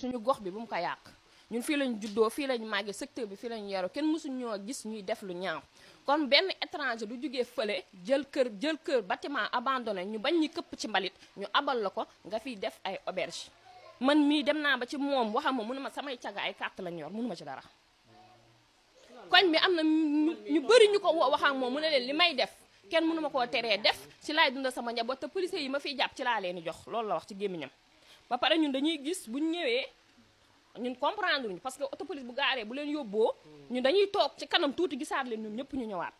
suñu gox bi bu mu ko yàq ñun fii lañ juddoo fii lañ màggee secteur bi fii lañ yaroo kenn mësuñ ñoo gis ñuy def lu ñaaw kon benn étranger du jugee fële jël kër jël kër bâtiment abandonné ñu bañ ñi këpp ci mbalit ñu abal la ko nga fiy def ay auberge man mii dem naa ba ci moom waxam ma mënu ma samay caga ay carte lañ yor mënu ma ci dara koñ bi na ñu bëri ñu ko waxam moom mu ne leen li may def kenn mënu ma koo teree def ci laay dunda sama njaboot te policier yi ma fi jàpp ci laa leen di jox loolu la wax ci gémmiñam ba pare ñun dañuy gis bu ñu ñëwee ñun comprendre ñu parce que auto bu gaaree bu leen yóbboo. ñun dañuy toog ci kanam tuuti gisaat leen ñun ñëpp ñu ñëwaat.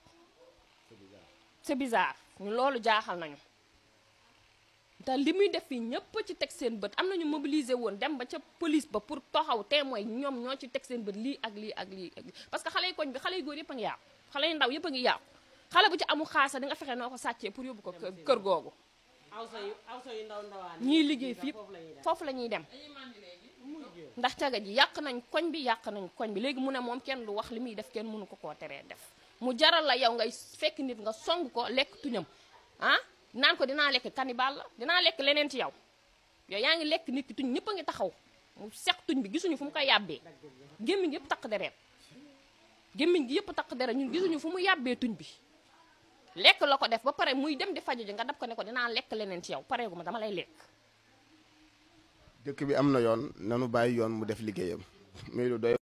c'est bizarre ñun loolu jaaxal nañu. te li muy def fii ñëpp ci teg seen bët am nañu mobiliser woon dem ba ca police ba pour taxaw témoin ñoom ñoo ci teg seen bët lii ak lii ak lii ak lii parce que xale yi koñ bi xale yu góor yëpp a ngi yàqu xale yu ndaw yëpp a ngi yàqu xale bu ci amul xaasa di fexe noo ko sàccee pour yóbbu ko kër googu. awso yu ndaw ndawaan ñiy liggéey fii foofu la ñuy dem ndax caga ji yàq nañ koñ bi yàq nañu koñ bi léegi mu ne moom kenn lu wax li muy def kenn mënu ko koo teree def mu jaral la yow ngay fekk nit nga song ko lekk tuñam ah naan ko dinaa lekk kanibal la dinaa lekk leneen ci yow yow yaa ngi lekk nit ki tuñ ñëpp a ngi taxaw mu seq tuñ bi gisuñu fu mu koy yàbbee gémmiñ gi yëpp takk dereet gémmiñ gi yëpp takk dereet ñu gisuñu fu mu yàbbee tuñ bi lekk la ko def ba pare muy dem di faju ji nga dab ko ne ko dinaa lekk leneen ci yow pareegu ma dama lay lekk. dëkk bi am na yoon nanu bàyyi yoon mu def liggéeyam muy lu doy